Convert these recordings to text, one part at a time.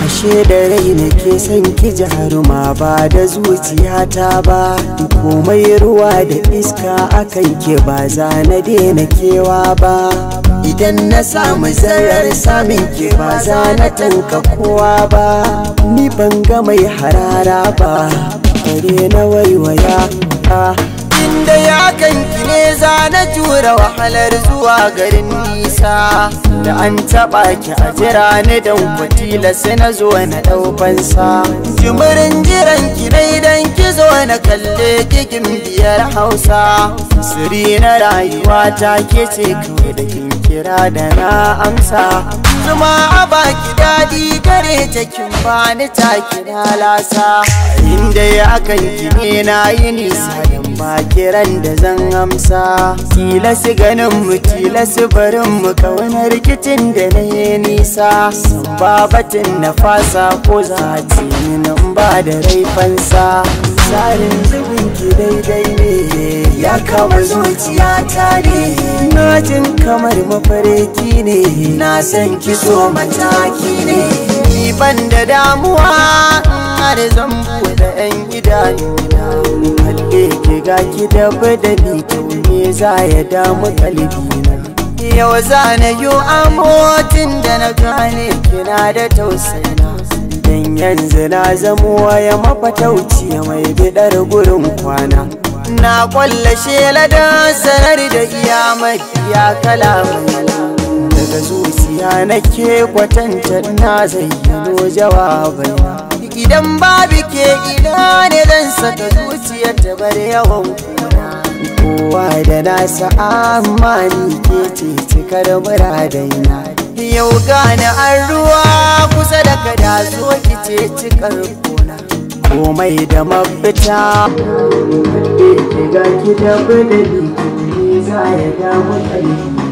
Ashe da rai nake son ki jaruma ba da zuciyata ba komai ruwa da iska akan ke ba za na daina kewa ba idan na samu zarar samun ke ba za na tanka kowa ba ni ban ga mai harara ba bare na waiwaya inda ya kanki ne za na jura wahalar zuwa garin nisa da an taɓa ki a jira ni don kwatila sai na zo na ɗaufansa jimirin jiran ki ne idan ki zo na kalle kigin biyar hausa siri na rayuwa ta ke ce kawai da kin kira da na amsa zuma a baki daɗi gare ta kin bani ta kira lasa inda ya kanki ne na yi nisa makiran da zan amsa kila su ganin mu kila su barin mu rikicin da na yi nisa babatin na fasa ko za ce ba da raifansa tsarin zubin ki daidai ne ya kama zuciya ta ne na jin kamar mafarki ne na san ki so mataki ne ban da damuwa har zan buɗe 'yan idanuna ki da badali to me za ya damu kalbina yau za na yi amotin da na gane kina da tausayina dan yanzu na zamo waya mafatauci mai bidar gurin kwana na kwalla shela da sanar da iya kala mai daga zuciya na ke kwatanta na zayyano jawabaina idan babu ke ina ne zan saka zuciyar ta bar yawan kowa da nasa amma ni ke ce cikar muradaina yau gane an ruwa kusa da kada zo ki ce cikar kona komai da mafita ga ki da bada za ya damu ƙarfi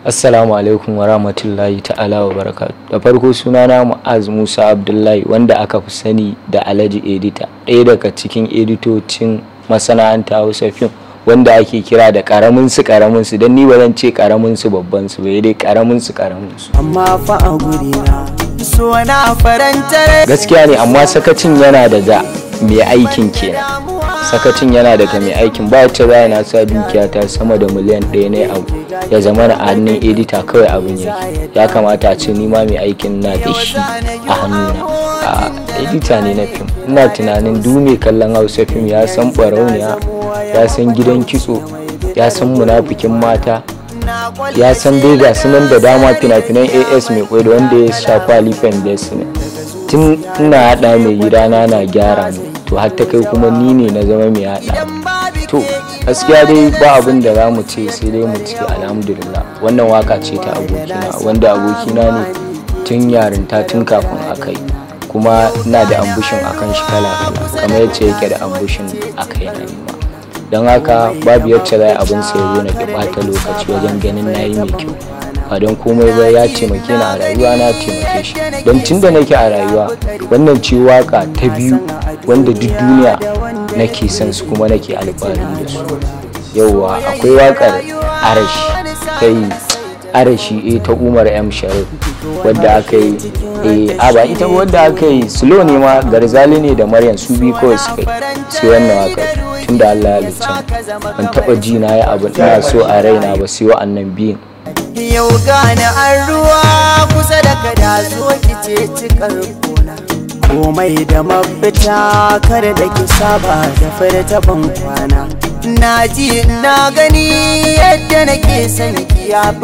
Assalamu alaikum wa rahmatullahi ta'ala wa barakatu. Da farko sunana Mu'az Musa Abdullahi wanda aka fi sani da Alhaji Edita, ɗaya daga cikin editocin masana'anta Hausa Film wanda ake kira da karamin su karamin su don ni ba zan ce karamin su babban su ba dai karamin su karamin su. Amma fa a guri na so na Gaskiya ne amma sakacin yana daga me aikin kenan. sakacin yana daga mai aikin ba ta baya na sa dukiya ta sama da miliyan ɗaya ne abu ya zama na hannun edita kawai abin yake ya kamata a ce nima mai aikin na da shi a hannuna a edita ne na fim ina tunanin du mai kallon hausa fim ya san barauniya ya san gidan kitso ya san munafikin mata ya san dai ga sunan da dama fina-finan as mai kwai da wanda ya shafa lifan destiny tun ina hada mai gidana na gyara mu to har ta kai kuma ni ne na zama mai haɗa to gaskiya dai ba abin da za mu ce sai dai mu ce alhamdulillah wannan waka ce ta abokina wanda abokina ne tun yarinta tun kafin a kai kuma na da ambushin a kan shi kala kala kamar yace yake da ambushin a kai na ma don haka babu yacce za abin sai zo na ki ta lokaci wajen ganin na yi mai kyau ba don komai ba ya taimake ni a rayuwa na taimake shi don tun da nake a rayuwa wannan ce waka ta biyu wanda duk duniya nake son su kuma nake alfahari da su yauwa akwai wakar arashi kai arashi e ta umar m sharif wadda aka yi e a ba ita wadda aka yi slow ne ma garzali ne da maryam su bi kawai kai sai wannan wakar tun da allah ya lucin ban taba ji na yi abu ina so a raina ba sai wa'annan biyun yau gane an ruwa kusa da kada zo ki ce cikar kona komai da mafita kar da ki saba da furta ban kwana na ji na gani yadda nake son ki ya